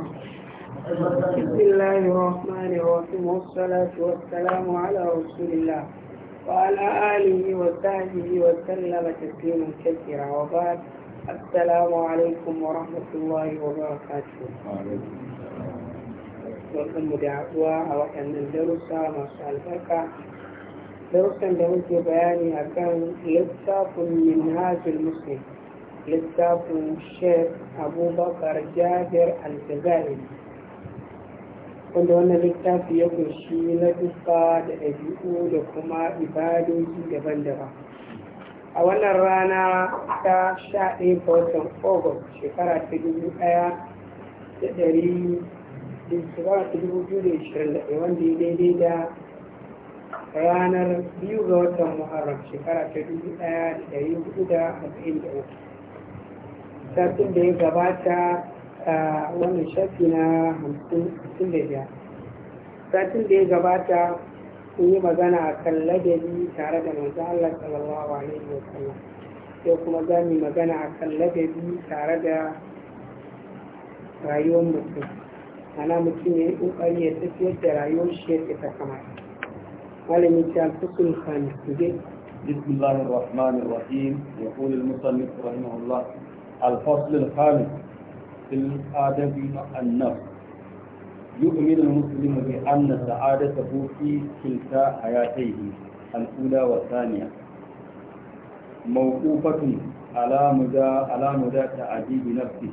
بسم الله الرحمن الرحيم والصلاة والسلام على رسول الله وعلى آله وصحبه وسلم تسليما كثيرا وبعد السلام عليكم ورحمة الله وبركاته وكم دعوة وكان الدرس ما شاء البركة درسا da muke bayani akan littafin min hajjul muslim littafin sheikh abubakar jabir al-jazairi wanda wannan littafi ya kunshi na duka da ɗabi'u da kuma ibadoji daban-daban a wannan rana ta 11 ga watan august shekara ta dubu ɗaya da ɗari shekara ta dubu biyu da ishirin da wanda ya daidai da ranar biyu ga watan muharram shekara ta dubu ɗaya da ɗari hudu da arba'in da satin da ya gabata a wannan shafi na hamsin da biyar satin da ya gabata kun yi magana a kan ladabi tare da manzo Allah sallallahu alaihi wa sallam sai kuma za mu magana a kan ladabi tare da rayuwar mutum ana mutum ya yi ƙoƙari ya tafiyar da rayuwar shi ya ta kamata malamin ta kusur khamis bidai بسم الله الرحمن الرحيم يقول المصنف رحمه الله الفصل الخامس في الآدب مع النفس يؤمن المسلم بأن سعادته في كلتا حياتيه الأولى والثانية موقوفة على مدى على مدى تعذيب نفسه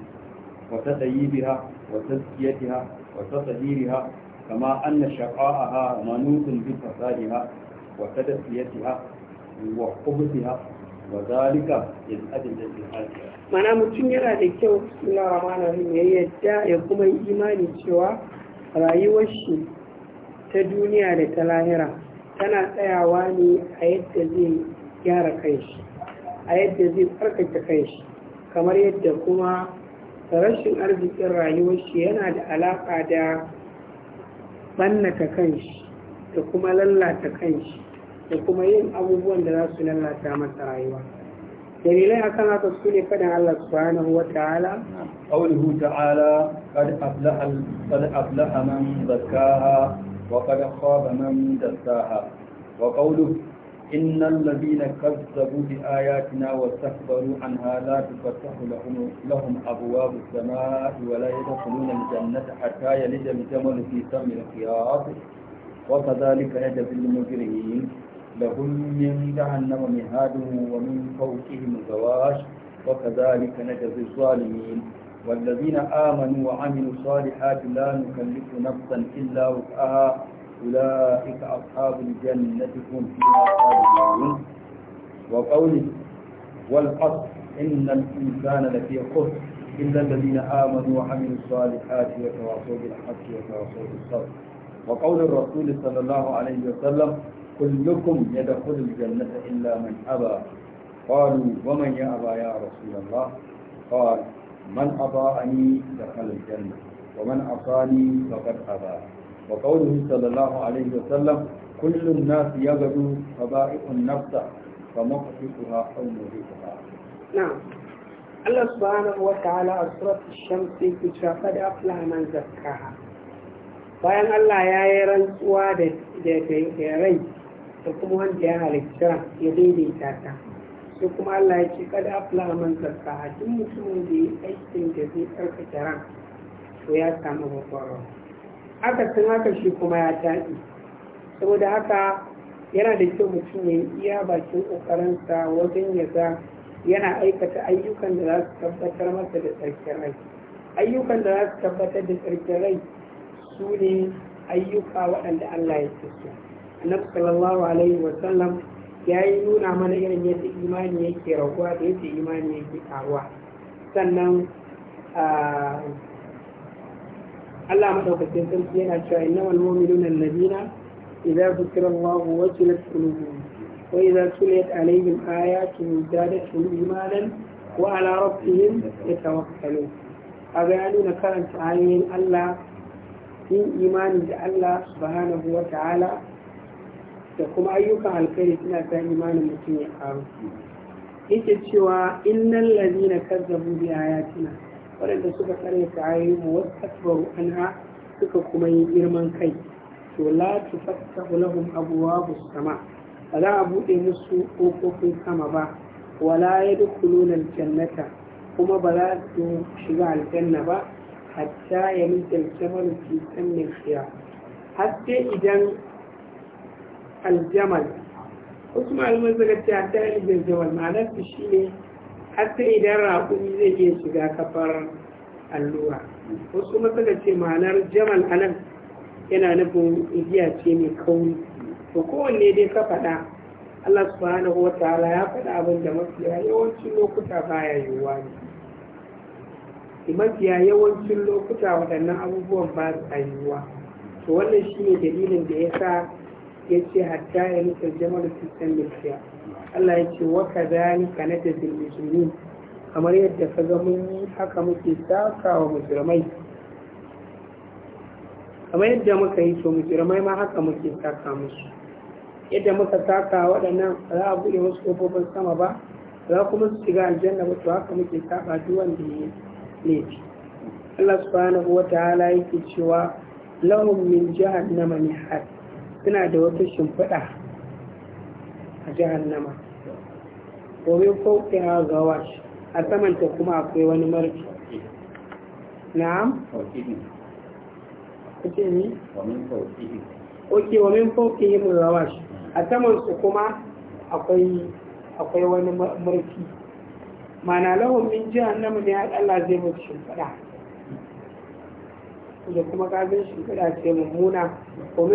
وتطيبها وتزكيتها وتطهيرها كما أن شقاءها منوط بفسادها وتدفيتها وحبسها wa zalika da ke mana mutum yana da kyau suna ramana ya yadda ya kuma yi imani cewa rayuwar shi ta duniya da ta lahira tana tsayawa ne a yadda zai gyara kanshi a yadda zai tsarkake kanshi kamar yadda kuma rashin arzikin rayuwar shi yana da alaƙa da bannata kanshi da kuma lallata kanshi da kuma yin abubuwan da za su lalata masa rayuwa dalilai akan haka su ne faɗin Allah subhanahu wa ta'ala qawluhu ta'ala qad aflaha qad aflaha man zakkaha wa qad khaba man dassaha wa qawluhu إن الذين كذبوا بآياتنا واستكبروا عنها لا تفتح لهم لهم أبواب السماء ولا يدخلون الجنة حتى يلج الجمل في سم الخياط وكذلك نجزي المجرمين لهم من جهنم مهاد ومن فوقهم غواش وكذلك نجزي الظالمين والذين آمنوا وعملوا الصالحات لا نكلف نفسا إلا وفقها أولئك أصحاب الجنة هم فيها خالدون وقوله والقصد إن الإنسان لفي خسر إلا الذين آمنوا وعملوا الصالحات وتواصوا بالحق وتواصوا بالصبر وقول الرسول صلى الله عليه وسلم كلكم يدخل الجنة إلا من أبى قالوا ومن يأبى يا رسول الله قال من أطاعني دخل الجنة ومن عصاني فقد أبى وقوله صلى الله عليه وسلم كل الناس يغدو فبائع النفس فمقفتها أو مريقها نعم الله سبحانه وتعالى أسرة الشمس كتشا قد أفلح من زكاها bayan Allah ya yi rantsuwa da rai da kuma wanda ya halitta ya daidaita ta sai kuma Allah ya ce kada afla man a duk mutumin da ya aikin da zai tsarkake ran to ya samu babbar haka sun haka shi kuma ya taɗi saboda haka yana da kyau mutum ya iya bakin ƙoƙarinsa wajen ya ga yana aikata ayyukan da za su tabbatar masa da tsarkin rai ayyukan da za su tabbatar da tsarkin rai su ne ayyuka waɗanda Allah ya ce annabi sallallahu alaihi sallam, ya yi nuna mana irin yadda imani yake raguwa da yadda imani yake karuwa sannan Allah madaukakin sarki yana cewa innamal mu'minuna alladhina idza dhukira Allahu wajilat qulubuhum wa idza tuliyat alaihim ayatuhu zadatuhum imanan wa ala rabbihim yatawakkalun kaga ya nuna karanta ayoyin Allah yin imani da Allah subhanahu wa ta'ala da kuma ayyukan alkhairi suna ta imanin mutum ya karu yake cewa innal ladina kazzabu bi ayatina waɗanda suka karyata ayoyin mu wastakbaru anha suka kuma yi girman kai to la tufattahu lahum abwabu sama ba za a buɗe musu ƙofofin sama ba wala ya yadkhuluna aljannata kuma ba za su shiga aljanna ba hatta yamil jamalu fi sammin khiyar har sai idan aljamal wasu malamai suka ce hatta ilibin jamal ma'anar su shi ne hatta idan raƙumi zai iya shiga kafar allura wasu kuma suka ce ma'anar jamal anan yana nufin igiya ce mai kauri to kowanne dai ka faɗa Allah subhanahu wa ta'ala ya faɗa abin da mafiya yawancin lokuta baya yiwuwa ne mafiya yawancin lokuta waɗannan abubuwan ba su yiwuwa to wannan shi ne dalilin da ya sa ya ce hatta ya nuka jama'a da sistan Allah ya ce wa ka zani ka na da musulmi kamar yadda ka ga mun yi haka muke saka wa musulmai kamar yadda muka yi to musulmai ma haka muke saka musu yadda muka saka waɗannan za a buɗe wasu ƙofofin sama ba za kuma su shiga aljanna ba to haka muke saka duk wanda ya laifi Allah subhanahu wa ta'ala yake cewa lahum min jahannama mihad suna da wata shimfiɗa a jahannama domin fauƙi ha gawash a samanta kuma akwai wani marfi na'am kuke ni? ok wa min fauƙi gawash a samansu kuma akwai wani marfi mana lahun min jihannama ne Allah zai mutu shimfiɗa da kuma kafin shimfiɗa ce mummuna ko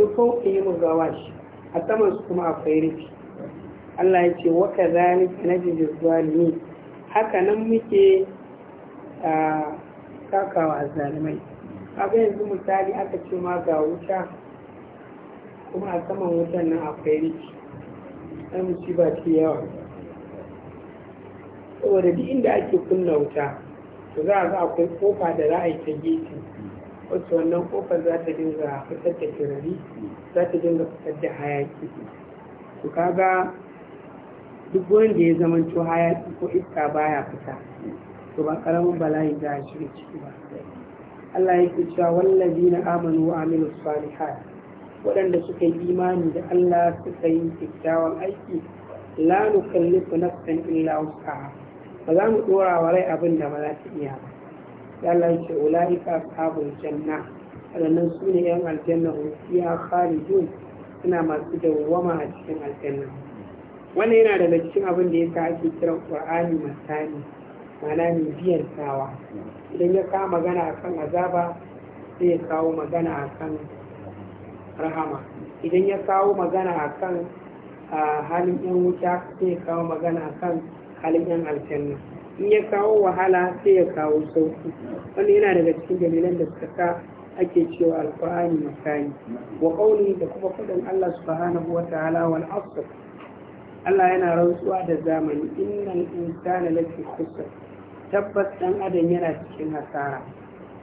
ke yi mu shi a saman su kuma akwai rufi Allah ya ce wa ka zalika na da ni. haka nan muke kakawa a zalimai kaga yanzu misali aka ce ma ga wuta kuma a saman wutan nan akwai rufi ɗan musiba ce yawa saboda duk inda ake kunna wuta to za a ga akwai kofa da za a yi ta gefe wacce wannan kofar za ta dinga fitar da turari za ta dinga fitar da hayaki to kaga duk wanda da ya zamanto hayaki ko iska baya fita to ba karamin bala'i za a shiga ciki ba Allah ya ke cewa wallazi na amanu wa amilu salihat waɗanda suka yi imani da Allah suka yi kyakkyawan aiki la nukallifu nafsan illa wusaha ba za mu dora wa rai abin da ba za ta iya ba Allah ya ce ula'ika ashabul janna wadannan su ne yan aljanna hum fiha khalidun suna masu dawwama a cikin aljanna wannan yana daga cikin abin da yasa ake kiran qur'ani masani mana mai biyan tawa idan ya kawo magana akan azaba sai ya kawo magana akan rahama idan ya kawo magana akan ah, halin yan wuta sai ya kawo magana akan halin yan aljanna in ya kawo wahala sai ya kawo sauki wannan yana daga cikin dalilan da suka sa ake cewa alqur'ani makani wa qawli da kuma faɗin Allah subhanahu wataala wal asr Allah yana rantsuwa da zamani innal insana lafi khusr tabbas dan adam yana cikin hasara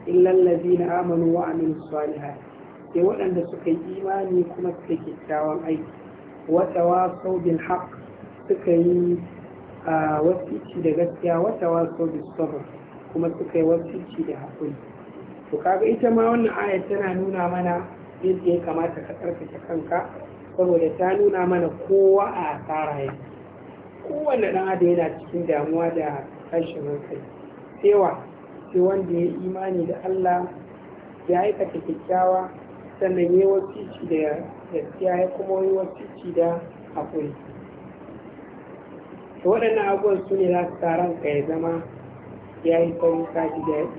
illal ladina amanu wa amilus salihat sai waɗanda suka yi imani kuma suka kyakkyawan aiki wa tawasaw bil haqq suka yi a wasici da gaskiya wata wasu da sabr kuma suka yi wasici da haƙuri to kaga ita ma wannan ayar tana nuna mana yadda ya kamata ka tsarkake kanka saboda ta nuna mana kowa a asara ya kowanne ɗan adam yana cikin damuwa da tashin hankali cewa sai wanda ya imani da Allah ya aikata kyakkyawa sannan ya yi wasici da gaskiya ya kuma yi wasici da hakuri. to waɗannan abubuwan su ne za su sa ranka ya zama ya yi sauri ka ji daɗi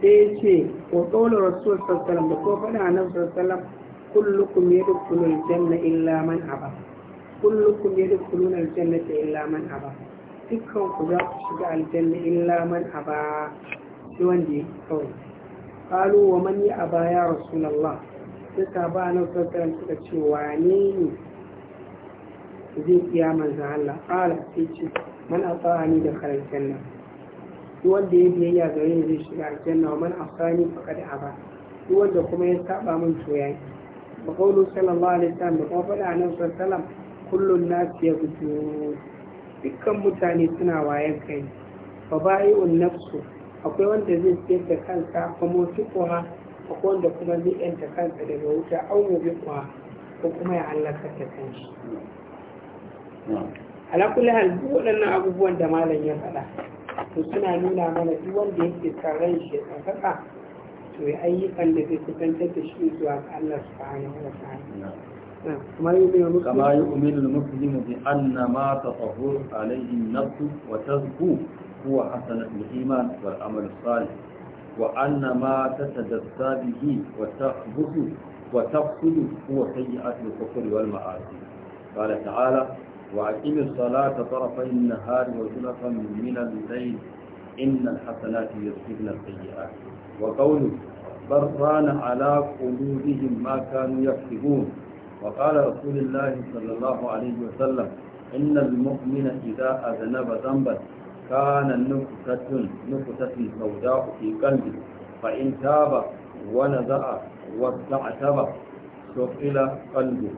sai ce ko ƙaunar rasuwar sassalam da ko faɗa nan sassalam kullukum ya dukkulun janna illa man aba kullukum ya dukkulun aljanna ta illa man aba dukkan ku za ku shiga aljanna illa man aba shi wanda ya kawai قالوا ومن يأبى ya rasu الله sai ba na kankan suka ce wane ne zai iya manzan Allah ƙala sai ce man asani da karantar nan wanda ya biyayya gare ni zai shiga aljanna wa man asani faqad aba duk wanda kuma ya saba min to yayi wa qawlu sallallahu alaihi wasallam da kuma faɗa nan kullum kullun nas gudu. dukkan mutane suna wayan kai fa bai'un nafsu akwai wanda zai siyar da kansa fa kuma akwai wanda kuma zai yanta daga wuta an yi kuwa ko kuma ya halaka ta kanshi alakuli halbi waɗannan abubuwan da malam ya faɗa to suna nuna mana duk wanda yake tsaron shi ya tsakaka to ya ayyukan da zai kusantar da shi zuwa ga Allah subhanahu wa ta'ala كما يؤمن المسلم بأن ما تطهر عليه النفس وتزكو هو iman الإيمان والعمل الصالح وأن ما تتجسى به وتخبط وتفقد هو سيئة الكفر والمعاصي قال تعالى وأقم الصلاة طرفي النهار وزلفا من الليل إن الحسنات يذهبن السيئات وقوله بران على قلوبهم ما كانوا يكسبون وقال رسول الله صلى الله عليه وسلم إن المؤمن إذا أذنب ذنبا kana nufutatun nufutatun sauda fi qalbi fa in taba wa naza'a wa ta'taba suqila qalbi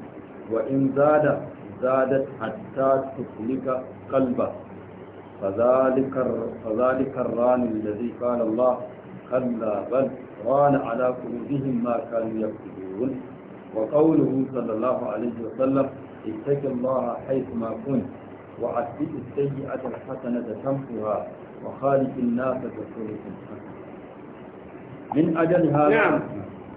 wa in zada zadat hatta tuflika qalba فذلك فذلك الران الذي قال الله كلا بل ران على قلوبهم ما كانوا يكذبون وقوله صلى الله عليه وسلم اتق الله حيث كنت وعدل السيئة الحسنة تمحها وخالف الناس بخلق حسن من أجلها نعم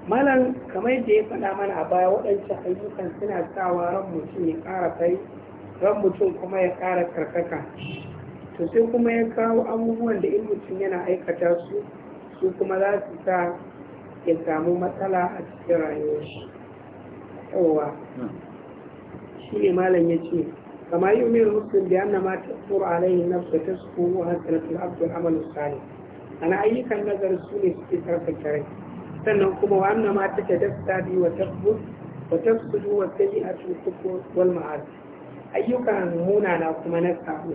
malam kamar da ya faɗa mana a baya waɗancan ayyukan suna sawa ran mutum ya ƙara kai ran mutum kuma ya ƙara karkaka to sai kuma ya kawo abubuwan da in mutum yana aikata su kuma za su sa ya samu matsala a cikin rayuwar shi shi ne malam ya ce كما يؤمن المسلم بأن ما تأثر عليه النفس تسكو وهزلة العبد العمل الصالح أنا أيك النظر السوني في طرف الكريم سنكم وأن ما تتدفى وتقبض وتفسد والسيئة الكفر والمعاصي أيك هنا أنا كما نسعه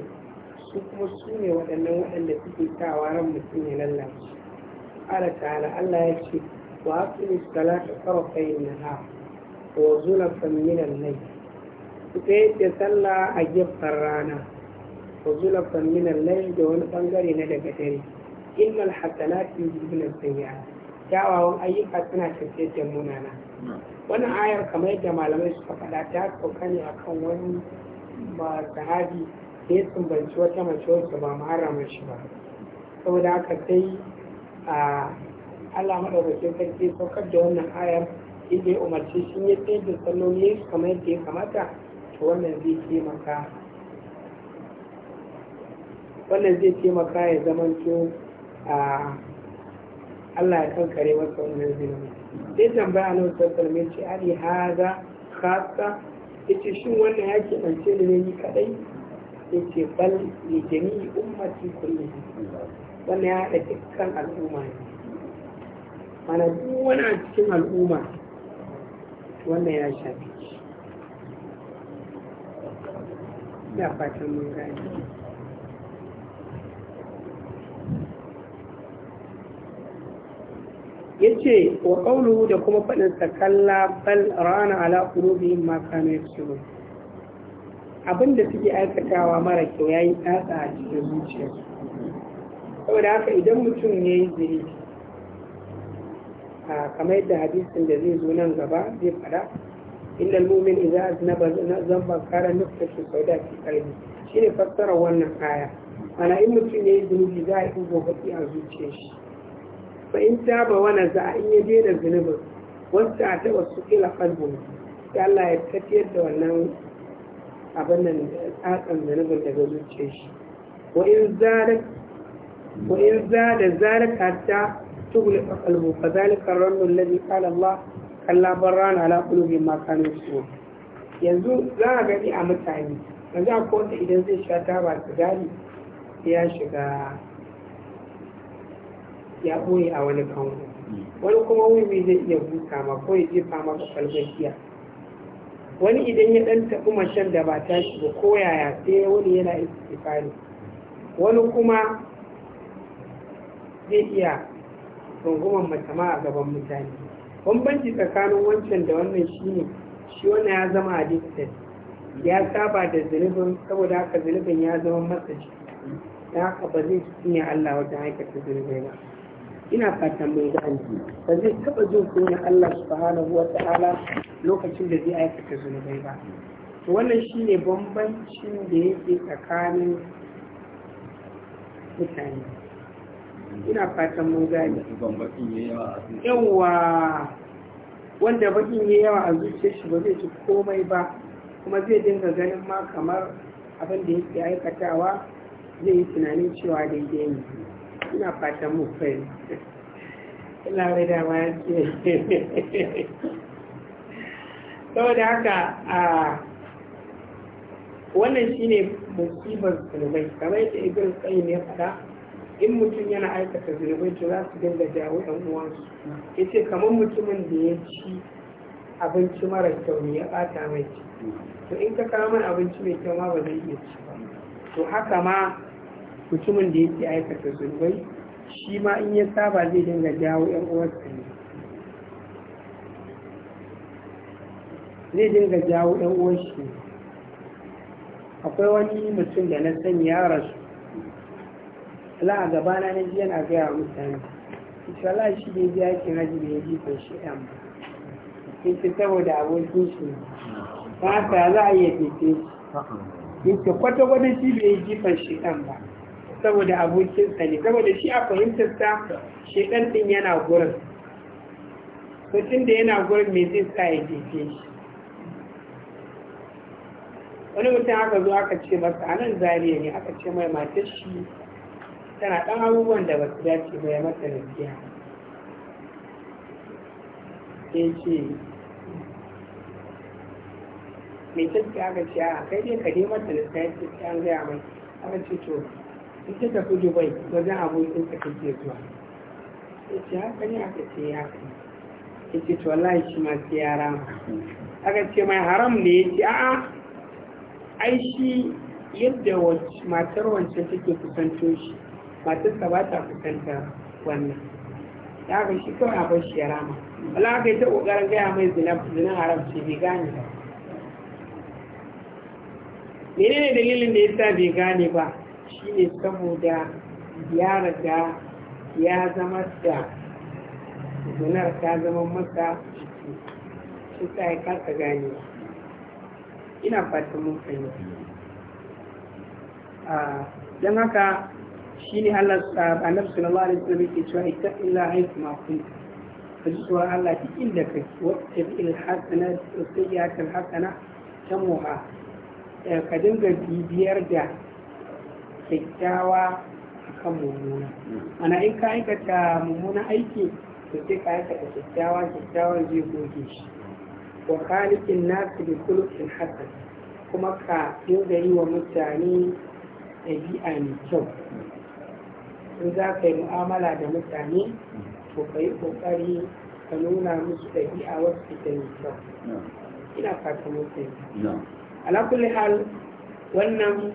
su kuma su ne waɗannan waɗanda suke sawa ran mutum ya lallace ala ta'ala Allah ya ce wa aqimi salata tarafay an su tsayar da sallah a gefen rana ko zula min al da wani bangare na daga dare innal hasanati yuzhibna sanya kyawawan ayyuka suna tafiyar da munana wannan ayar kamar yadda malamai suka faɗa ta sauka ne akan wani sahabi da ya sumbanci wata mace wacce ba muharramin shi ba saboda haka sai a Allah maɗaukakin sarki saukar da wannan ayar inda ya umarci shi ya tsayar da salloli kamar yadda ya kamata wannan zai taimaka wannan zai taimaka ya zamanto a Allah ya kankare masa wannan zinabi sai tambaya nan sassan mai ce ali haza khasa ya ce shi wannan ya ke ɗance da ne ni kaɗai ya ce bal ne jami'i ummati kulli wannan ya haɗa dukkan al'umma ne mana duk wani a cikin al'umma wannan ya shafi shi ya fatan mun gani yace wa qawluhu da kuma fadin sa kalla bal rana ala qulubihim ma kanu yaksubun abinda suke aikatawa mara kyau yayi tsatsa a cikin zuciya saboda haka idan mutum ya yi A kamar yadda hadisin da zai zo nan gaba zai fada inda mumin idza aznaba zamba kara nufta shi faida fi kalbi shine fassara wannan kaya. ana in mutum ne zunubi za a yi gobaki a zuciyar shi fa in taba za a in daina zunubin wasu a taɓa su kila kalbin sai Allah ya tafiyar da wannan abin nan tsakan zunubin daga zuciyar shi wa in zada wa in zada zalika ta tughlqa qalbu kadhalika ar-rannu kalla barrana ala kulubi ma kanu su yanzu za a gani a mutane yanzu a kowace idan zai sha taba sigari ya shiga ya ɓoye a wani kango wani kuma wuri zai iya buka ma ko ya jefa maka kwalbar wani idan ya ɗan taɓi mashan da ba ta shiga ko yaya sai wani yana istifari wani kuma zai iya rungumar matama a gaban mutane bambanci tsakanin wancan da wannan ne shi wannan ya zama addicted ya saba da zunubin saboda haka zunubin ya zama masa shi da haka ba zai ne Allah wajen aikata zunubai ba ina fatan mai gani ba zai taba jin kunya Allah subhanahu wa ta'ala lokacin da zai aikata zunubai ba to wannan ne bambancin da yake tsakanin mutane ina fatan mun gane yawa wanda bakin ya yawa a zuciyar shi ba zai ci komai ba kuma zai dinga ganin ma kamar abin da yake aikatawa zai yi tunanin cewa daidai ne ina fatan mu fai ina da dama ce saboda haka a wannan shine musibar zunubai kamar yadda ibn tsayi ya faɗa in mutum yana aikata zunubai to za su dinga jawo ɗan uwansu ya ce kamar mutumin da ya ci abinci mara kyau ne ya ɓata mai ci to in ka kawo mai abinci mai kyau ma ba zai iya ci ba to haka ma mutumin da yake aikata zunubai shi ma in ya saba zai dinga jawo ɗan uwansu ne zai dinga jawo ɗan uwansu ne akwai wani mutum da na sani ya rasu la a gabana na ji yana gaya wa mutane ita la shi ne biya ke na ji da ya ji kan shi ɗan ba ita saboda abokin shi ta haka za a iya tete in ita kwata wani shi bai yi jifan shi ɗan ba saboda sa ne saboda shi a sa shi ɗan ɗin yana gurin mutum da yana gurin mai zai sa ya jefe shi wani mutum aka zo aka ce masa a nan zariya ne aka ce mai matar shi tana ɗan abubuwan da ba su dace ba ya mata biya sai ce mai tafi aka ce a kai dai ka dai mata da ya ce an gaya mai aka ce to ita ta fi dubai wajen abokin ta kake zuwa ya ce haka ne aka ce ya kai ya ce to wallahi shi ma sai ya rama aka ce mai haram ne ya ce a'a ai shi yadda matar wancan take kusanto shi Masu ba ta kusanta wannan ya haka shi kawai a bashi ya rama wala haka yi ta ƙoƙarin gaya mai zina haram bai gane ba ne dalilin da ya sa bai gane ba Shi ne saboda ya riga ya zama da zinar ta zama masa jiki shi sa ya kasa gane ina fatan mun fahimta ah, don haka Shi ne Allah uh, annabi sallallahu alaihi wasallam yake cewa illa aiki kunt ka ji tsoron Allah duk inda kai wata bil hasana ta hasana tamuha eh, ka dinga bibiyar da kyakkyawa akan mummuna ana in ka aikata mummuna aiki to sai ka aikata kyakkyawa kyakkyawa zai goge shi wa khaliqin nasu bi kulukin hasan kuma ka dinga yi wa mutane ɗabi'a mai kyau in za ka yi mu'amala da mutane to ka yi ƙoƙari ka nuna musu ɗabi'a wasu ita yi kyau ina fata mutane ala hal wannan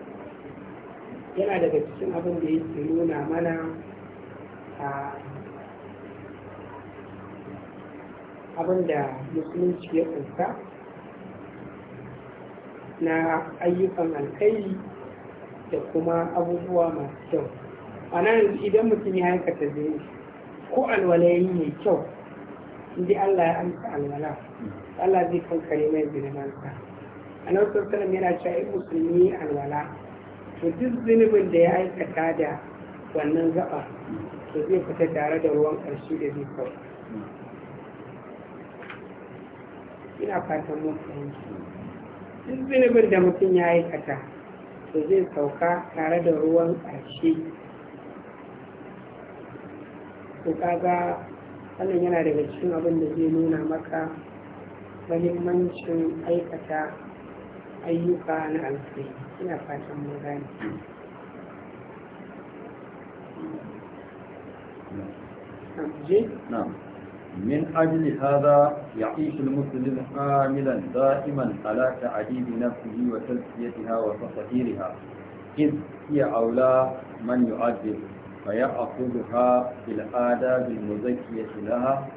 yana daga cikin abin da yake nuna mana a abin da musulunci ya kunsa na ayyukan alkai da kuma abubuwa masu kyau a nan idan mutum ya aikata zai ko alwalayi mai kyau inda Allah ya amsa alwala Allah zai kankare mai zinamansa a nan sassanin yana cewa in musulmi alwala to duk zunubin da ya aikata da wannan gaba to zai fita tare da ruwan ƙarshe da zai kawo ina fatan mun fahimci duk zunubin da mutum ya aikata to zai sauka tare da ruwan ƙarshe to kaga wannan yana daga cikin abin da zai nuna maka mahimmancin aikata ayyuka na alkhairi ina fatan mun gane نعم من أجل هذا يعيش المسلم عاملا دائما على تعذيب نفسه وتزكيتها وتطهيرها إذ هي أولى من يعذب فيأخذها بالآداب المزكية لها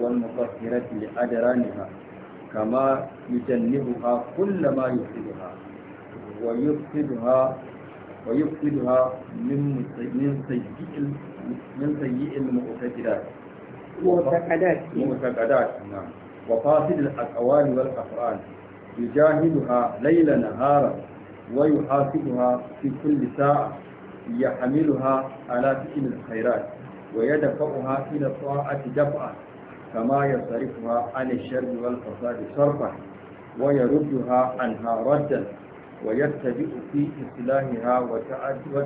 والمطهرة لأدرانها كما يجنبها كل ما يفسدها ويفسدها ويفسدها من من سيء من سيء المعتقدات المعتقدات المعتقدات نعم وفاسد الأقوال والأفعال يجاهدها ليل نهارا ويحاسبها في كل ساعة ya hamilu ha alafi khairat wa ya dafa uha ila tsawa'ati dafa'a kama ya sarifu ha ana sharri wal fasadi sarfa wa ha an ha raddan wa ya tabi fi ha wa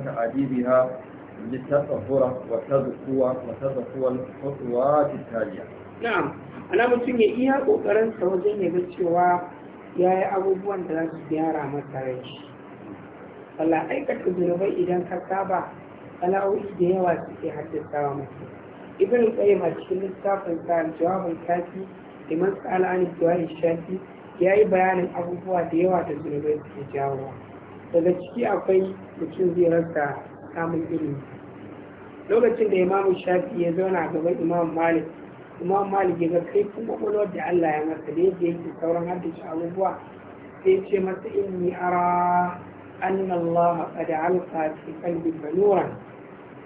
ta'adibi ha li tatsafura wa tazukuwa wa tazukuwa fatuwati ana mutum ya iya kokarin sa wajen ya ga cewa yayi abubuwan da za su gyara masa rai wala aikata zunubai idan ka saba sana'o'i da yawa suke haddasa wa mutum ibn qayyim a cikin littafin sa jawabin kafi da mas'ala an jawahir shafi yayi bayanin abubuwa da yawa da zunubai suke jawowa daga ciki akwai mutum zai rasa samun ilimi lokacin da imamu shafi ya zauna a gaban imam malik imam malik ya ga kaifin kwakwalwar da allah ya masa da yadda yake sauran haddace abubuwa sai ce masa inni ara أن الله قد علق في قلبك نورا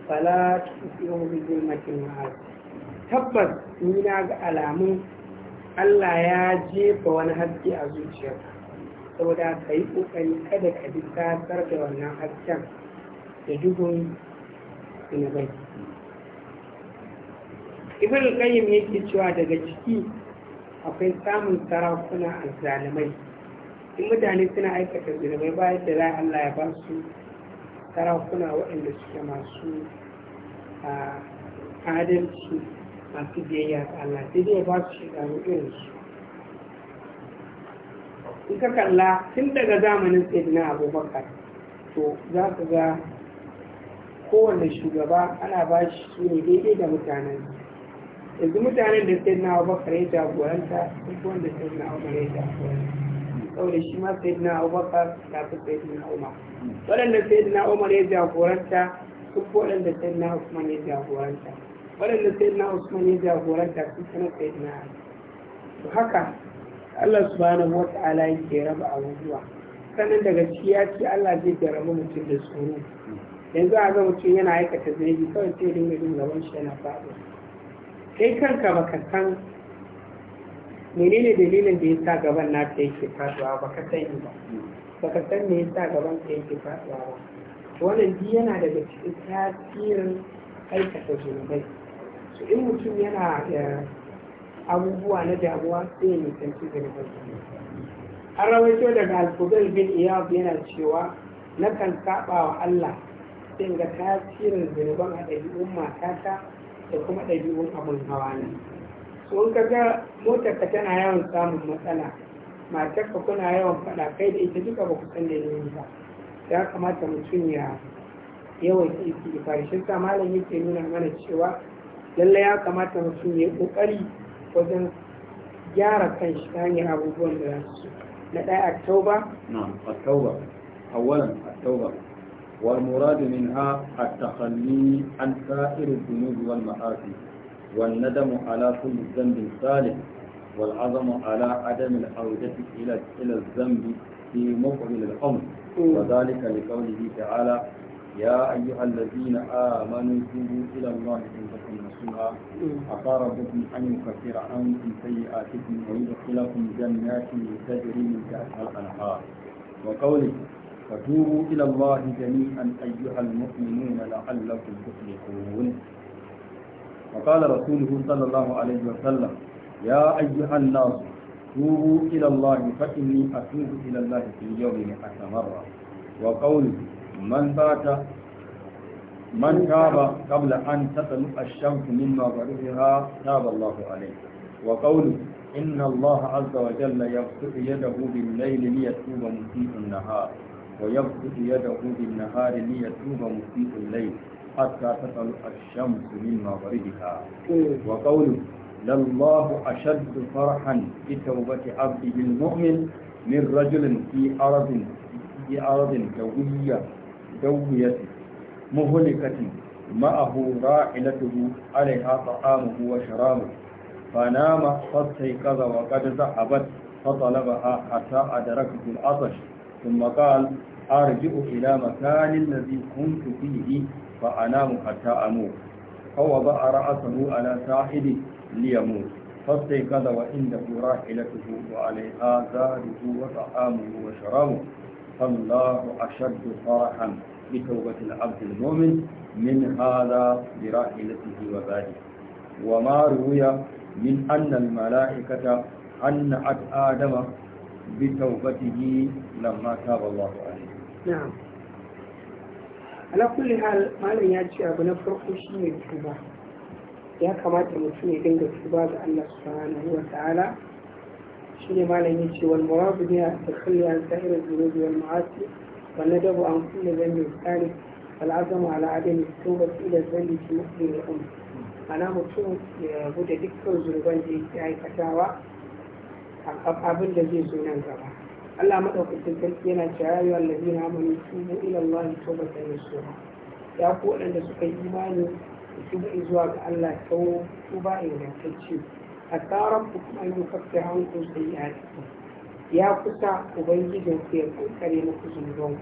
فلا تطفئه بظلمة المعاد tabbas ni na ga alamun Allah ya jefa wani haske a zuciyarka saboda ka yi ƙoƙari kada ka bi tasar da wannan hasken da duhun zunubai ibn qayyim yake cewa daga ciki akwai samun sarakuna azzalimai in mutane suna aikata zunubai bayan da za Allah ya ba su sarakuna waɗanda suke masu adalci masu biyayya ga Allah sai zai ba su shekaru irinsu in ka kalla tun daga zamanin na abubakar to za ka ga kowane shugaba ana ba shi su ne daidai da mutanen yanzu mutanen da na abubakar ya jagoranta duk wanda na abubakar ya jagoranta saboda shi ma sai na abubakar kafin sai na umar waɗanda sai na umar ya jagoranta duk waɗanda sai na usman ya jagoranta waɗanda sai na usman ya jagoranta sun fi sai na to haka Allah subhanahu wa ta'ala yake raba abubuwa sannan daga ciki ya ce Allah zai raba mutum da tsoro yanzu a ga mutum yana aikata zai kawai sai dinga jin gaban shi yana faɗo kai kanka baka san menene dalilin da ya sa gaban na ta yake faduwa ba ka sani ba ba ka san me ya sa gaban ka yake faduwa ba wannan duk yana daga cikin tasirin aikata zunubai su in mutum yana da abubuwa na damuwa sai ya nisanci zunubai an rawaito daga alfugal bin iyab yana cewa na kan saba wa allah sai ga tasirin zunuban a ɗabi'un matata da kuma ɗabi'un abin hawa na in ka ga motar ka tana yawan samun matsala matar ka kuna yawan faɗa kai da ita duka ba ku san da ne ba ya kamata mutum ya yawan da farishin sa malam yake nuna mana cewa lallai ya kamata mutum ya kokari wajen gyara kan shi ta hanyar abubuwan da za su na ɗaya a tauba na a tauba awalan a tauba والمراد منها التخلي عن سائر الذنوب والمعاصي والندم على كل ذنب صالح والعظم على عدم العودة إلى إلى الذنب في مقبل الأمر وذلك لقوله تعالى يا أيها الذين آمنوا توبوا إلى الله توبة نصوحا عسى ربكم أن يكفر عنكم سيئاتكم ويدخلكم جنات تجري من تحتها الأنهار وقوله فتوبوا إلى الله جميعا أيها المؤمنون لعلكم تفلحون فقال رسوله صلى الله عليه وسلم يا أيها الناس توبوا إلى الله فإني أتوب إلى الله في اليوم مئة مرة وقول من بات من تاب قبل أن تطلع الشمس من مغربها تاب الله عليه وقول إن الله عز وجل يبسط يده بالليل ليتوب مسيء النهار ويبسط يده بالنهار ليتوب مسيء الليل حتى تطلع الشمس من مغربها إيه. وقوله لله أشد فرحا بتوبة عبده المؤمن من رجل في أرض في أرض جوية جوية مهلكة معه راحلته عليها طعامه وشرابه فنام فاستيقظ وقد ذهبت فطلبها حتى أدركه العطش ثم قال أرجع إلى مكان الذي كنت فيه فأنام حتى أموت فوضع رأسه على ساحلي ليموت فاستيقظ وإنه راحلته وعليها زاده وطعامه وشرابه فالله أشد فرحا بتوبة العبد المؤمن من هذا براحلته وباده وما روي من أن الملائكة أنعت آدم بتوبته لما تاب الله عليه نعم ala kulli hal malam ya ce abu na farko shine tuba ya kamata mutum ya dinga tuba ga Allah subhanahu wa ta'ala shine malam ya ce wal muradu bi takhalli an sa'ir al-dhunub wal ma'asi wal nadabu an kulli dhanbi salih wal azamu ala adami tawbati ila dhanbi fi mu'min ana mutum ya gode dukkan zurban da yake aikatawa abin da zai zo nan gaba Allah madaukakin sarki yana cewa ya allazina amanu tubu ila Allah tawbatan nasuha ya ku waɗanda suka yi imani ku tuba zuwa ga Allah tuba ingantacce hatta rabbukum an yukaffira ankum sayyi'atikum ya kusa ubangijin ku ya kankare muku zunuban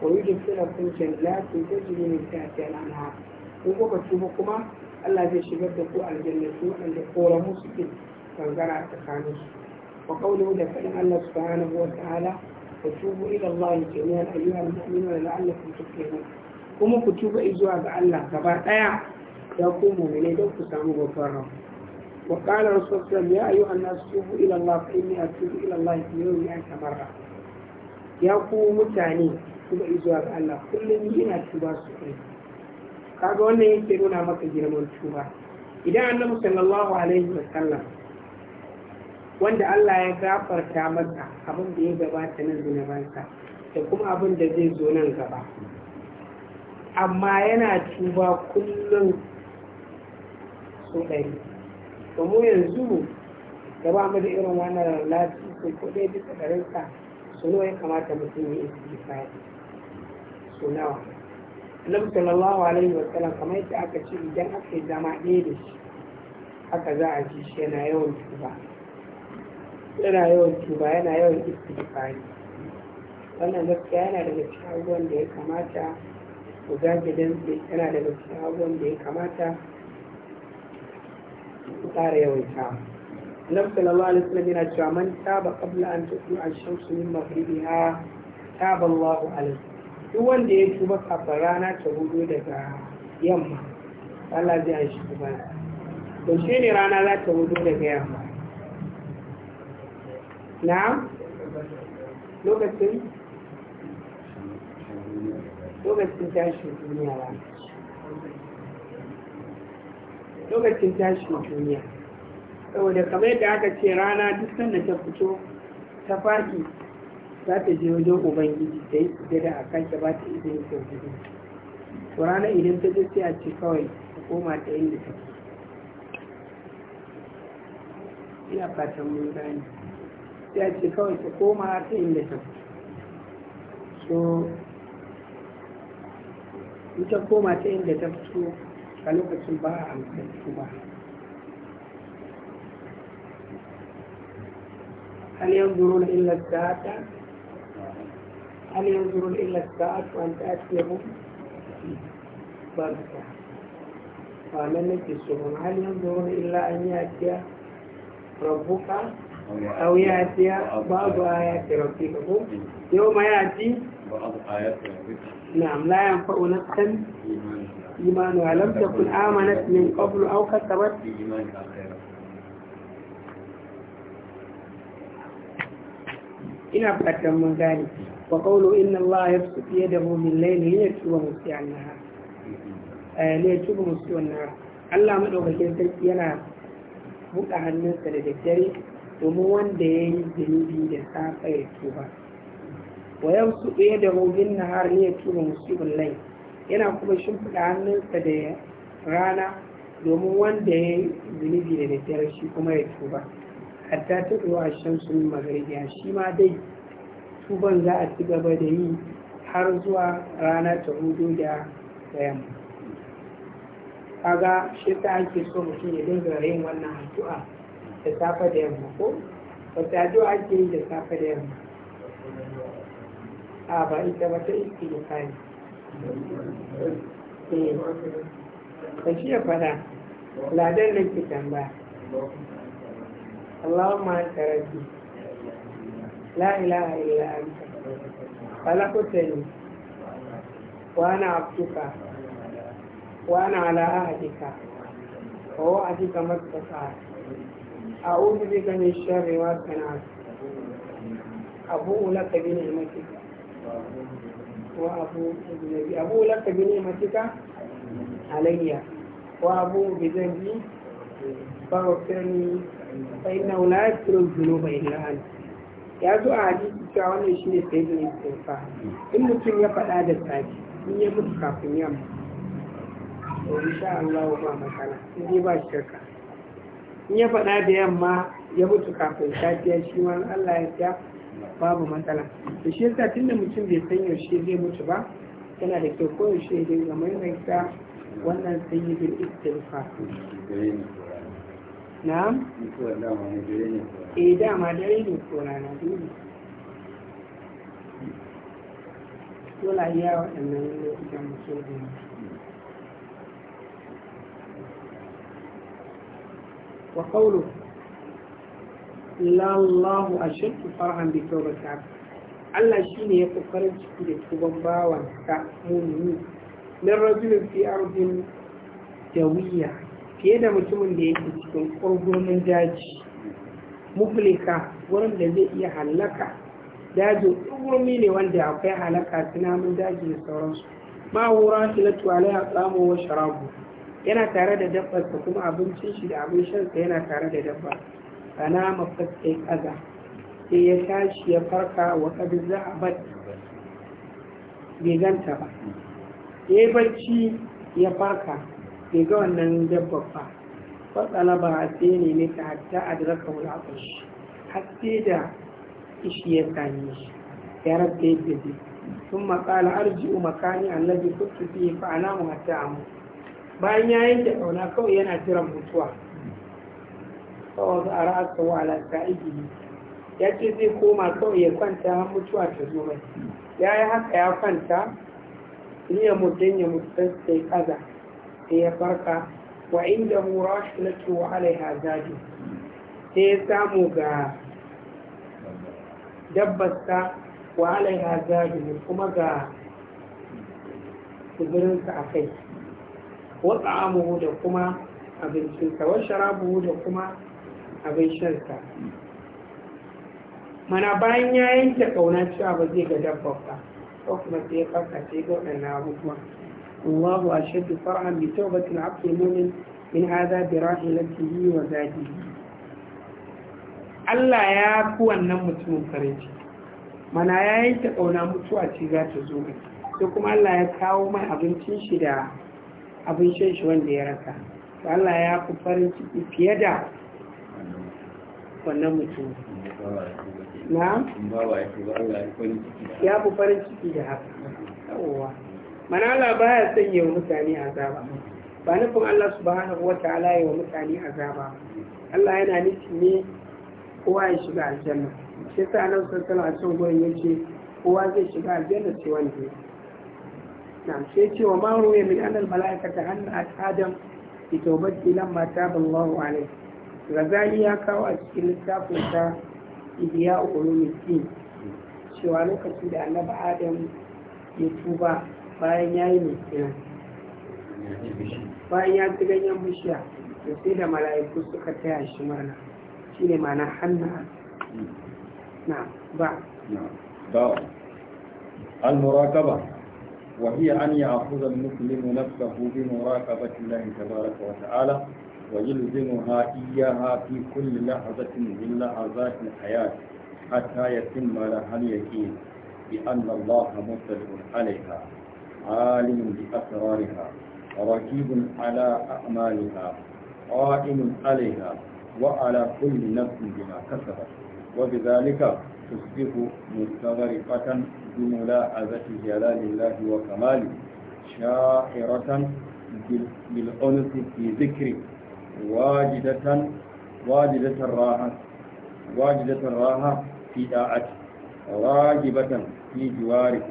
ku suna wa yudkhilukum jannatin mai min tahtiha al-anhar in kuka tuba kuma Allah zai shigar da ku aljanna su waɗanda koramu suke gangara tsakaninsu وقوله لفعل الله سبحانه وتعالى وتوبوا إلى الله جميعا أيها المؤمنون لعلكم تفلحون kuma ku tuba izuwa ga Allah gaba daya ya ku mu'mini don ku samu gafara wa qala rasulullah ya ayyuhan nas tubu ila Allah fa inni atubu ila Allah fi yawmi atamarra ya ku mutane tuba izuwa ga Allah kullum ina tuba su kai kaga wannan yake nuna maka girman tuba idan annabi sallallahu alaihi wa sallam wanda Allah ya gafarta maka abin da ya gabata na zunubansa da kuma abin da zai zo nan gaba amma yana tuba kullum so ɗari mu yanzu da ba mu da irin wannan lati ko kuɗe duka bisa ɗarinsa su nawa ya kamata mutum ya isi fadi su nawa annabi sallallahu alaihi wa sallam kamar yadda aka ce idan aka yi zama ɗaya da shi haka za a ji shi yana yawan tuba yana yawan tuba yana yawan istighfari wannan gaskiya yana daga cikin abubuwan da ya kamata ku zage dantse yana daga cikin abubuwan da ya kamata ku ƙara yawaita Annabi sallallahu alaihi wasallam yana cewa man taba qabla an tuqu ash-shamsu min maghribiha taba Allahu alaihi duk wanda ya tuba kafin rana ta gudu daga yamma Allah zai an shi kuma to shi ne rana za ta gudu daga yamma na lokacin lokacin tashin duniya ba lokacin tashin duniya saboda kamar yadda aka ce rana duk sanda ta fito ta faɗi za ta je wajen ubangiji ta yi sujada a kan ta ba ta izini ta gudu to rana idan ta je sai a ce kawai ta koma ta inda ta ina fatan mun gane ya ce kawai ta koma ta inda ta so ita koma ta inda ta fito a lokacin ba a amfani ba هل ينظرون إلا الساعة هل ينظرون إلا الساعة وأن تأتيهم بغتة قال لك هل ينظرون إلا أن يأتي ربك أو يأتي بعض آيات ربك da يأتي بعض آيات ربك نعم لا ينفع نفسا إيمانها لم تكن آمنت من قبل أو كسبت في إيمانها خيرا ina fatan mun gane wa qawlu inna allaha yabsutu yadahu min layli liyatuba musi'an nahar eh liyatuba musi'an nahar Allah madaukakin sarki yana buɗe hannunsa da daddare domin wanda ya yi zunubi da safa ya tuba wa yau su ɗaya da rogin har ne ya tuba musibin lai yana kuma shimfiɗa hannunsa da rana domin wanda ya yi zunubi da daddare shi kuma ya tuba hatta ta ɗuwa shan su magariya shi ma dai tuban za a ci gaba da yi har zuwa rana ta hudu da yamma kaga shi ta ake so mutum ya dinga yin wannan addu'a da safe da yamma ko ta jo ake yi da safe da yamma a ba ita ba ta iske da kayan ba shi ya fada ladan nan ke tambaya Allahumma anta rabbi la ilaha illa anta خلقتني وأنا عبدك وأنا على عهدك ووعدك ما استطعت أعوذ بك من شر ما صنعت أبوء لك بنعمتك وأبوء بذنبي لك بنعمتك علي وأبوء بذنبي فاغفرني فإنه لا يغفر الذنوب إلا ya zo a hadisi cewa wannan shi ne sai da istighfar in mutum ya faɗa da safi in ya mutu kafin yamma to insha Allah ba matsala in dai ba in ya faɗa da yamma ya mutu kafin safiya shi ma Allah ya ta babu matsala to shi yasa tunda mutum bai san yaushe zai mutu ba yana da kyau ko yaushe ya dinga maimaita wannan sayyidul istighfar na'am eh dama dare ne ko rana dole dole iya waɗannan lokutan mutum wa qawlu lallahu ashaddu farhan bi tawbatin Allah shine ya kokarin ciki da tuban bawan ka mu'mini min rajulin fi ardin jawiya fiye da mutumin da yake cikin kurgumin daji muhlika wurin da zai iya halaka dajin kurgumi ne wanda akwai halaka tunamin daji da sauransu ma wura filatu alaiha tsamo wa yana tare da dabbarsa kuma abincin shi da abin shan sa yana tare da dabba sana mafaskai kaza sai ya tashi ya farka wa kadu za a bat bai ba ya barci ya farka bai ga wannan dabbar ba fatsala ba a sai ne ne ta hatta a diraka wulaƙar shi har da ishi ya same shi ya rabta yadda zai sun maƙala arji'u makani annabi kuntu fiye fa'ana mu hatta amu bayan ya da kauna kawai yana jiran mutuwa kawai a ra'asa wa alaƙa'ibi ya ce zai koma kawai ya kwanta har mutuwa ta zo mai ya yi haka ya kwanta ni ya mutum ya mutum sai kaza sai ya farka wa inda hura shi na cewa alaiha zaji sai ya samu ga dabbasta wa alaiha zaji kuma ga tsibirinsa a kai wa ta'amuhu da kuma abincinsa wa sharabuhu da kuma abincinsa? mana bayan ya yanke kauna cewa ba zai ga dabba ba ko kuma sai ya karkace ga waɗannan abubuwa Allahu ashaddu far'an bi tawbatil 'abdi mu'min min hadha bi rahilatihi wa zadihi Allah ya fi wannan mutumin farin ciki mana ya yanke kauna mutuwa ce za ta zo mai sai kuma Allah ya kawo mai abincin shi da abin shan shi wanda ya rasa Allah ya fi farin ciki fiye da wannan mutum na ya fi farin ciki da haka yawwa mana Allah ba ya sanya wa mutane azaba ba nufin Allah su subhanahu wa wata ala wa mutane azaba Allah yana nufi ne kowa ya shiga aljanna shi sa nan sallallahu a wasallam gurin ce kowa zai shiga aljanna sai wanda na'am sai ce wa ma ruwa min annal mala'ikata hanna adam bi tawbati lamma taba Allahu alaihi Razali ya kawo a cikin littafin sa Ihya Ulumuddin cewa lokaci da Annabi Adam ya tuba bayan ya yi mai bayan ya ci ganyen bishiya da sai da mala'iku suka taya shi murna shi ne mana hanna na ba وهي أن يأخذ المسلم نفسه بمراقبة الله تبارك وتعالى ويلزمها إياها في كل لحظة من لحظات الحياة حتى يتم لها اليقين بأن الله مطلع عليها عالم بأسرارها رقيب على أعمالها قائم عليها وعلى كل نفس بما كسبت وبذلك تصبح مستغرقة بملاحظة جلال الله وكماله شاعرة بالأنس في ذكره واجدة واجدة الراحة واجدة الراحة في طاعته راجبة في جواره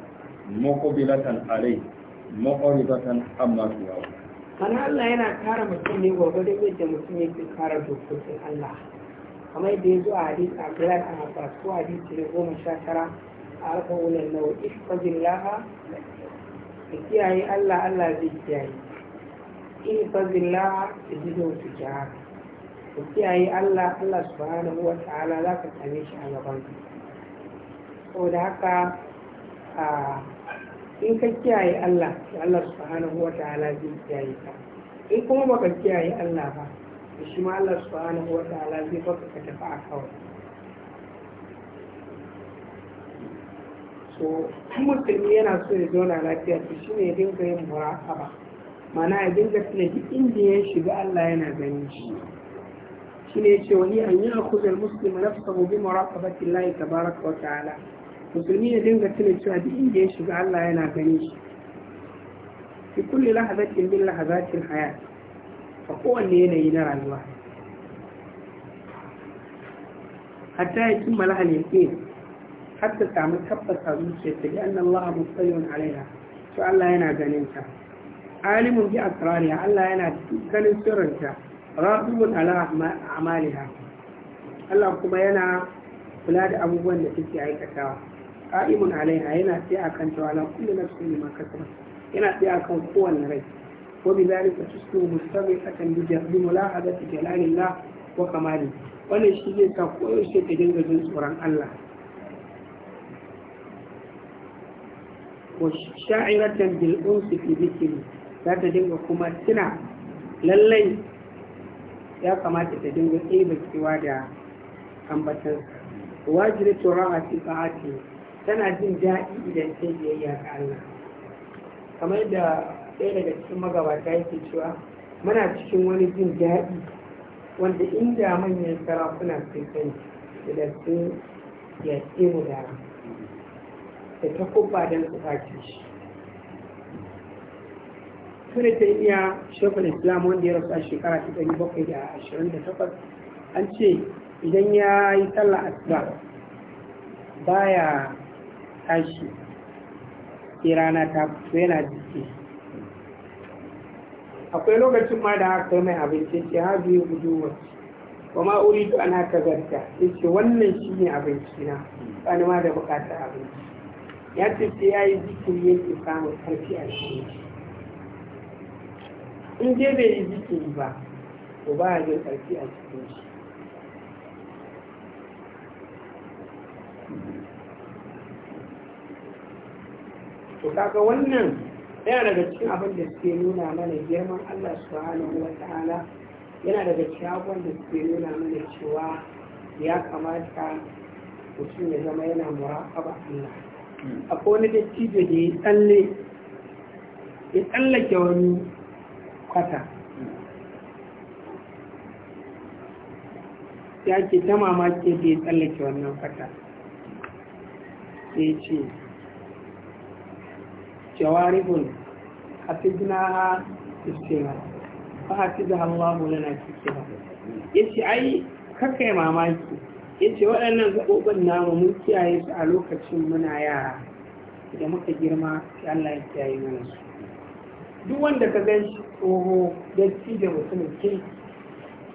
مقبلة عليه مقربة عما سواه. أنا الله أنا كارم مسلم وبدأ يجي مسلم يجي كارم الله. kamar da ya zo a hadis a abdullahi a abbas ko hadis ne goma sha tara a alfa wulan nawa ifazin laha ka kiyaye allah allah zai kiyaye ifazin laha ka ji da wasu jihar ka kiyaye allah allah na huwa ta'ala za ka same shi a gaban ka da haka in ka kiyaye allah allah na huwa ta'ala zai kiyaye ka in kuma baka kiyaye allah ba shi ma Allah subhanahu wa ta'ala zai baka ka tafi a kawai so in musulmi yana so ya zauna lafiya to shi ne ya dinga yin muraqaba mana ya dinga tuna duk inda ya shiga Allah yana ganin shi shi ne ya ce wani an yi akuzar musulmi nafsahu bi muraqabati Allah tabaraka wa ta'ala musulmi ya dinga tuna cewa duk inda ya shiga Allah yana ganin shi fi kulli lahazatin min lahazatil hayat a kowanne yanayi na rayuwa hatta ya kimma lahal yaqin har ta samu tabbata zuciya ta ga anna Allah mustawiyun alaiha to Allah yana ganin ta alimun bi asrariha Allah yana ganin sirrinta raqibun ala amaliha Allah kuma yana kula da abubuwan da suke aikatawa qa'imun alaiha yana tsaya kan ta wala kullu nafsin ma kasabat yana tsaya kan kowanne rai وبذلك تسلو مستبقة بملاحظة جلال الله وكماله wannan shi zai sa koyaushe ta dinga jin tsoron Allah sha'iratan bil unsi fi dhikri za ta dinga kuma tuna lallai ya kamata ta dinga tseba cewa da ambatan wajiri tsoron a sifati tana jin daɗi idan ta biyayya ga Allah kamar da ɗaya daga cikin magabata yake cewa muna cikin wani jin daɗi wanda inda manyan sarakuna sun sani da sun ce mu da da ta kubba don su face shi tuna ta iya shekul islam wanda ya rasa shekara ta ɗari bakwai da ashirin da takwas an ce idan ya yi sallah asuba baya tashi sai rana ta fito yana jiki akwai lokacin ma da aka mai abinci ce ha biyu guju wacce ba ma uridu an haka zarta ce wannan shi ne abinci na tsani ma da bukatar abinci ya ce sai ya yi zikiri yake samun karfi a cikin shi in je bai yi zikiri ba to ba a jin karfi a cikin shi to kaga wannan yana daga cikin abin da suke nuna mana girman Allah subhanahu wa ta'ala yana daga cikin abin da suke nuna mana cewa ya kamata mutum ya zama yana ba Allah akwai wani dattijo da ya tsalle ya tsallake wani kwata ya ke ta mamaki da ya tsallake wannan kwata ya ce jawarihun hafizna sistema fa hafiza Allah lana sistema yace ai kaka yi mamaki yace waɗannan gaɓoɓin namu mun kiyaye su a lokacin muna yara da muka girma sai Allah ya kiyaye mana su duk wanda ka gan shi tsoho da ci da mutumin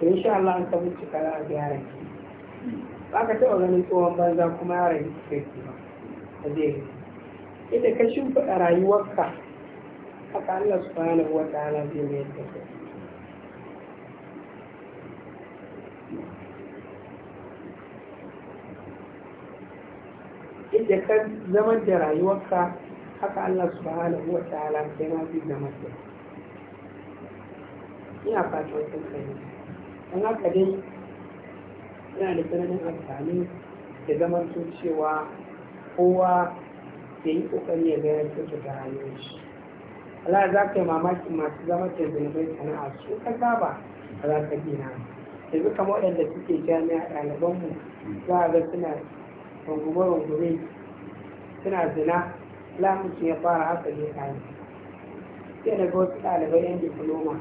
to insha Allah an ka bincika za a ga yaran ba ka taɓa ganin tsohon banza kuma yaran ki kirki ba ba yadda ka shimfiɗa rayuwarka haka Allah subhanahu wata ana zai mai da kai yadda ka zama da rayuwarka haka Allah subhanahu wa ta'ala kai ma zai zama da ina fatan kun kai. don haka dai yana da tsananin amfani da zamanto cewa kowa ya yi kokari ya ga ya kyautata rayuwar shi Allah za ka yi mamakin masu zama ta zunubai sana'a su ka saba ba za ka gina yanzu kamar waɗanda suke jami'a ɗalibanmu za a ga suna rungume-rungume suna zina lamuci ya fara haka ne a yi sai daga wasu ɗalibai yan diploma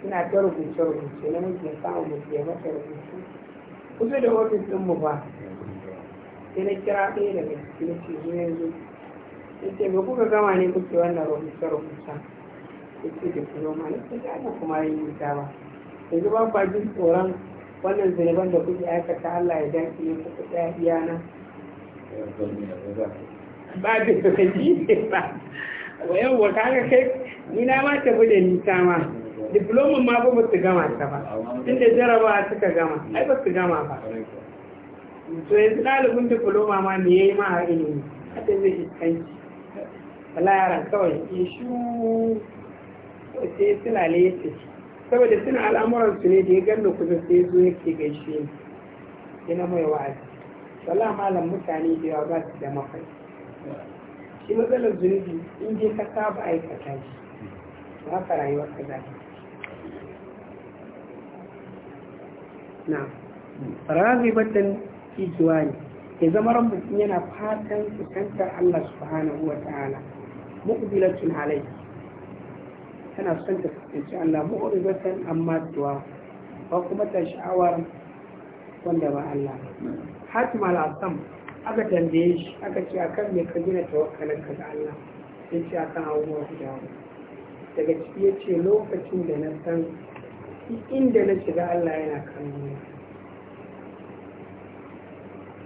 suna ta rubuce-rubuce na mutum samun mutum ya mata rubutu kusa da ofis ɗinmu ba ne kira ɗaya daga ciki na ce zuwa yanzu ya ce ba kuka gama ne kuke wannan rubuce rubuta ya ce da diploma na ta ana kuma yi ta ba yanzu ba kwa jin tsoron wannan zunuban da kuke aikata Allah ya dace ne kuka tsaya iya nan ba da kaji ne ba wa yawwa kaga kai ni na ma tafi da nisa ma diploman ma ba ba su gama ta ba tunda jarabawa suka gama ai ba su gama ba to yanzu ɗalibin kuloma ma me yayi ma a ilimi haka zai iskanci wala yaran kawai ya shu sai silale ya ce saboda suna al'amuran su ne da ya ganna kusa sai zo yake gaishe ni yana mai wa'azi wala malam mutane da yawa ba su da mafai shi matsalar zunubi in je ka saba aikata shi ba ka rayuwar ka za na ragibatan fi ne. ya zama ran mutum yana fatan fuskantar Allah subhanahu wa ta'ala muqbilatun alayhi tana son ta fuskanci Allah mu'ribatan amma tuwa ba kuma ta sha'awar wanda ba Allah hatim al-asam aka tambaye shi aka ce akan me ka gina tawakkalin ka ga Allah ya ce akan abubuwa guda daga ciki ya ce lokacin da na san inda na shiga Allah yana kan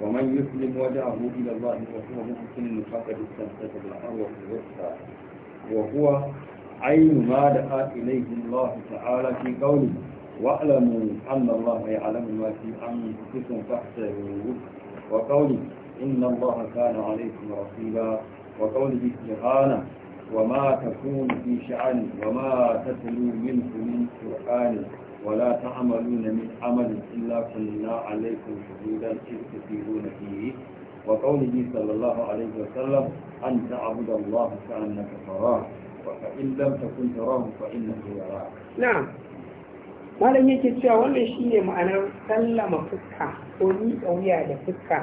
ومن يسلم وجهه إلى الله وهو محسن فقد استمسك بالعروة الوثقى وهو عين ما دعا إليه الله تعالى في قوله واعلموا أن الله يعلم ما في أنفسكم فاحذروه وقوله إن الله كان عليكم رقيبا وقوله استغانة وما تكون في شأن وما تتلو منه من قرآن ولا تعملون من عمل إلا كنا عليكم شهودا إذ تفيدون فيه وقوله صلى الله عليه وسلم أن تعبد الله كأنك تراه وفإن لم تكن تراه فإنه يراك نعم malam yake cewa wannan shine ma'anar sallama fuska ko ni wuya da fuska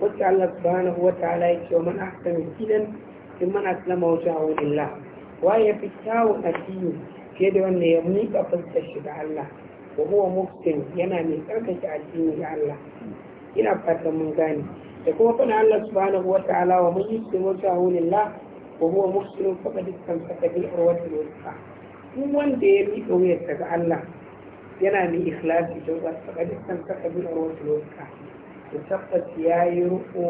wacce Allah subhanahu wa ta'ala ya ce man ahsanu dinan in man aslama wajhahu lillah wa ya fi kyawu addini ke da wannan ya miƙa fuskar shi ga Allah ko kuma muftin yana mai a cikin ga Allah ina fatan mun gane da kuma fana Allah subhanahu wa ta'ala wa mun yusri wa ta'awunillah wa kuma muftin faqad istamsaka bil urwatil wuthqa duk wanda ya miƙa wuyarsa ga Allah yana mai ikhlasi da wa faqad istamsaka bil urwatil wuthqa to tabbas yi ruku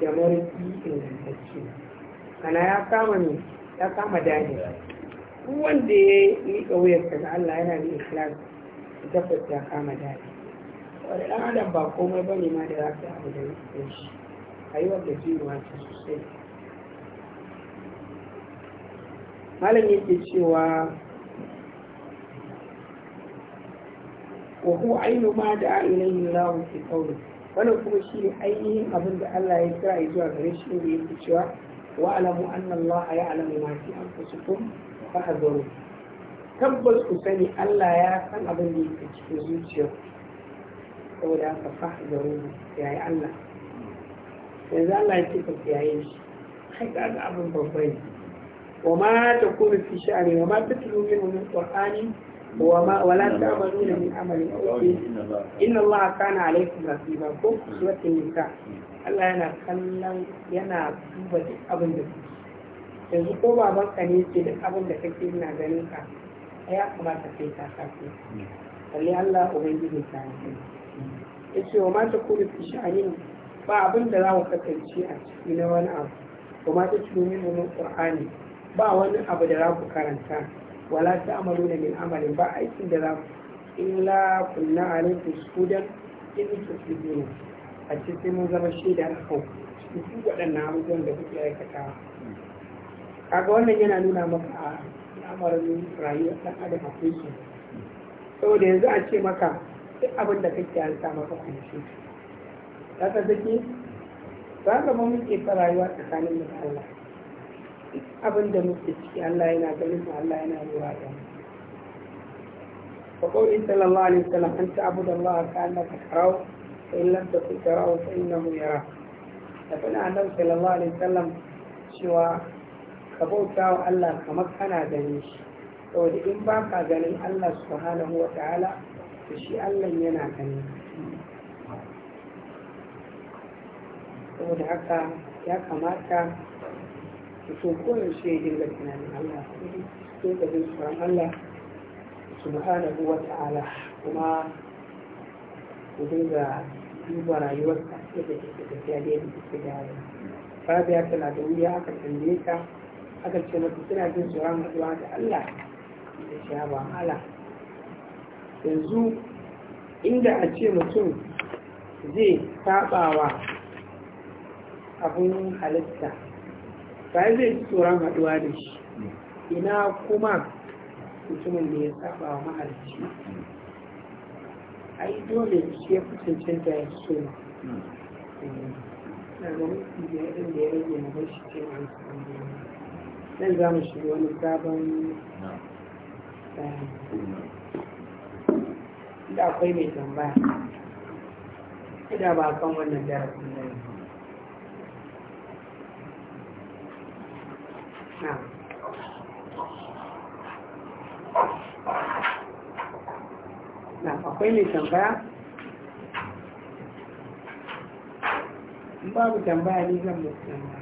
da mariki ingantacce ana ya kama ne ya kama dani wanda ya yi wuyarsa ga Allah yana da ikhlas tabbas ya kama dadi wani ɗan adam ba komai ne ma da za su abu da ya shi a yi wadda kiwa wata sosai malam yake cewa wa huwa ainu ma da ilayhi Allah fi qawli wannan kuma shi ne ainihin abin da Allah ya kira zuwa gare shi ne yake cewa wa alamu anna Allah alamu ma fi anfusikum fahadaru tabbas ku sani Allah ya san abin da yake cikin zuciyar saboda haka fahadaru yayi Allah yanzu Allah ya ce ka kiyaye shi kai ga abin babban ne wa ma ta kuma fi sha'ani wa ma ta tulu min min qur'ani wa ma wa la ta'maluna min amalin inna Allah kana alaykum hasiba ko suratul nisa Allah yana kallon yana duba duk abin da kuke yanzu ko babanka ne ke duk abin da kake na ganin ka ya kamata kai ka kafe balle Allah ubangiji ta ya ce wa mata kuma fi sha'anin ba abin da za mu kasance a ciki na wani abu wa mata cikin min qur'ani ba wani abu da za ku karanta wala ta amalu da min amalin ba aikin da za ku illa kunna alaikum sudan in tusbihuna a cikin mun zama shaida a kan su waɗannan abubuwan da kuke aikatawa kaga wannan yana nuna maka a al'amarin rayuwar ɗan adam akwai ke saboda yanzu a ce maka duk abin da kake an sa maka kwanci za ka zaki za ka ba muke ta rayuwa tsakanin mu da Allah abin da muke ciki Allah yana ganin mu Allah yana lura da mu وقوله صلى الله عليه وسلم أن تعبد الله كأنك تراه فإن لم تكن تراه فإنه يراك فقال النبي صلى الله عليه وسلم cewa ka bauta wa Allah kamar kana gani. shi saboda in ba ka ganin Allah subhanahu wa ta'ala to shi Allah yana ganin saboda haka ya kamata mutum koyaushe ya dinga tunanin Allah ku da jin tsoron Allah subhanahu wa ta'ala kuma ku dinga duba rayuwar ka da take tafiya da yadda da wuya aka tambaye ka aka ce masu suna jin tsoron haɗuwa da Allah da sha wahala yanzu inda a ce mutum zai sabawa abin halitta ba zai ji tsoron haɗuwa da shi ina kuma mutumin da ya saba wa mahalicci ai dole shi ya fi cancanta ya so na ga mutum da ya rage na bashi ce a nan za mu shiga wani sabon da akwai mai tambaya ina ba a kan wannan darasin nan na akwai mai tambaya in babu tambaya ni zan mutu tambaya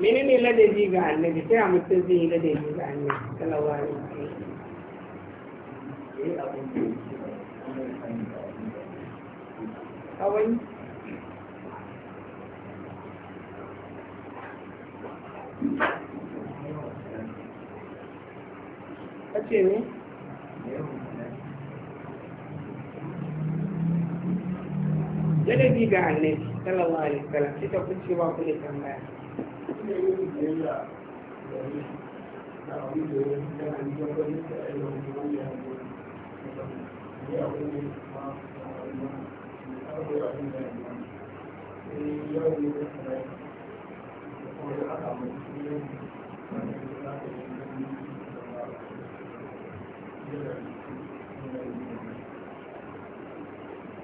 menene ladabi ga annabi sai a mutum zai yi ga annabi ne kawai ne da ladabi ga annabi sallallahu alaihi wasallam sai ta kunce ba ku ne Thank you.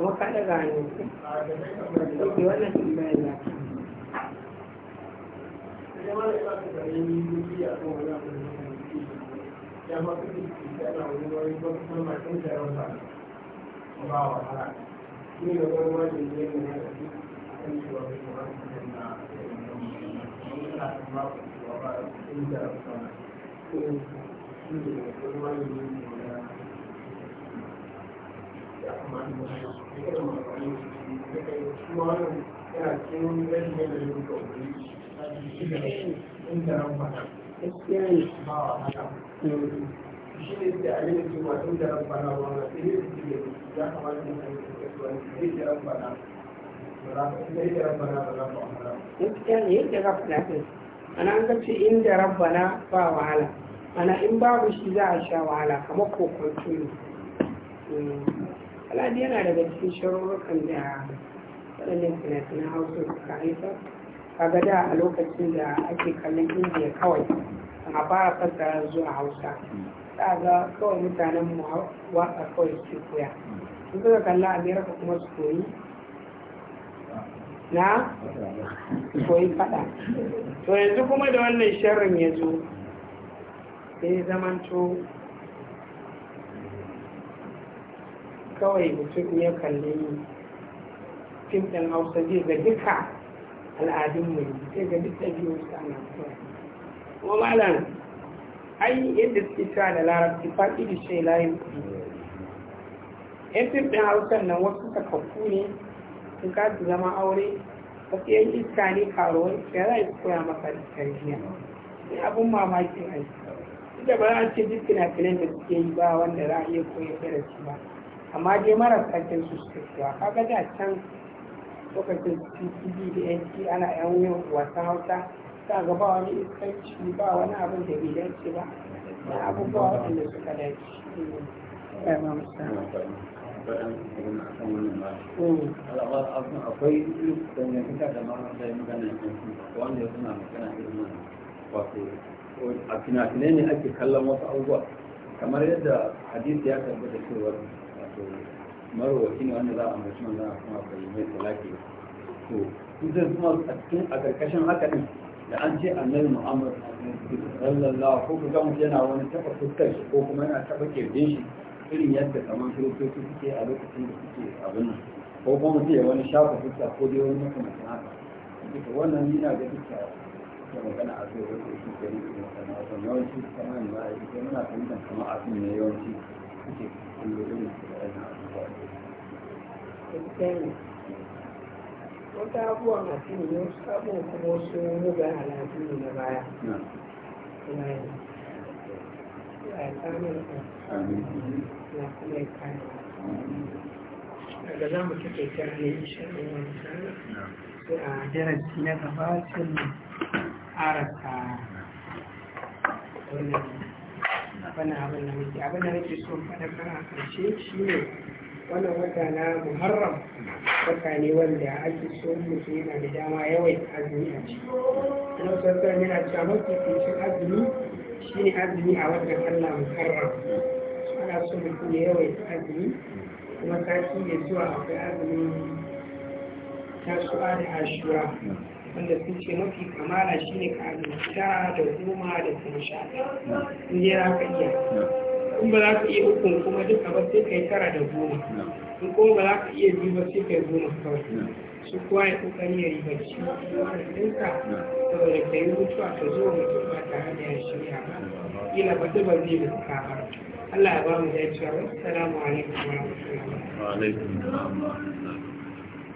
kamar ka daga hannun ɗauke wannan tambayar ya ce Thank you. yadda rabbana ɗin ana an gace inda rabbana ba wahala ana in babu shi za a sha wahala kamar kokon tuni hmm. al'adu yana daga cikin sharurrukan da waɗannan fina-finan hausa suka haifar kaga da a lokacin da ake kallon indiya kawai a fara fassara zuwa hausa za ga kawai mutanen mu watsa kawai suke koya sun suka kalla amerika kuma su koyi na koyi fada to yanzu kuma da wannan sharrin ya zo sai zamanto kawai mutum ya kalli fim ɗin hausa zai ga duka al'adunmu ne zai ga duk ɗabi'unsu ana kawai kuma malam ai yadda suke cewa da larabci faɗi da shai layin kuɗi yan fim ɗin hausan nan wasu takakku ne sun kasu zama aure wasu yan iska ne karuwar ya za a koya maka da tarbiyya ne abin mamakin aiki duk da ba za a ce duk fina-finan da suke yi ba wanda za a iya koyar da shi ba amma dai marasa kyan su suka cewa kaga da can lokacin cikin da yanki ana yan yin wasan hausa ta ga ba wani iskanci ba wani abin da bai dace ba na abubuwa waɗanda suka dace akwai da wanda ya suna magana irin wato a fina-finai ne ake kallon wasu abubuwa kamar yadda hadisi ya tabbata cewa marwaci ne wanda za a ambaci wanda a kuma bai mai talaki to idan kuma a cikin a karkashin haka ne da an ce annabi muhammad sallallahu ko kuma mutum yana wani taba fuskar shi ko kuma yana taba kirjin shi irin yadda kamar kiristoci suke a lokacin da suke abin nan ko kuma mutum ya wani shafa fuska ko dai wani makamancin haka duka wannan yana ga duka da magana a kai wasu su ke nufin yawanci kamar yanzu a yi muna fahimtar kamar asin ne yawanci suke wata abubuwan addini ne wasu abubuwan kuma wasu mugayen alhaji ne na baya kuma ya tsamar da na kuma ya kare daga za mu kike kira ne insha Allah sai a darasi na gaba arata wannan wannan abin da muke abin da nake so faɗakar a ƙarshe shi ne wannan wata na muharram wata ne wanda ake so mutum yana da dama yawai azumi a ciki na sassan yana cewa mafi kuncin azumi shi ne azumi a watan allah muharram ana so mutum ya yawai azumi kuma sati mai zuwa akwai azumin tasu'a da ashura wanda sun ce mafi kamala shi ne ka azurta da goma da kuma sha in je ka iya in ba za ka iya hukun kuma duka ba sai ka yi tara da goma in kuma ba za ka iya biyu ba sai ka yi goma kawai su kuwa ya kokari ya riba ci ɗinka saboda ka yi mutuwa ka zo mutum ba tare da ya shirya ba kila ba ta ba zai mutuka ba Allah ya ba mu dacewa wasu salamu alaikum wa rahmatullahi wa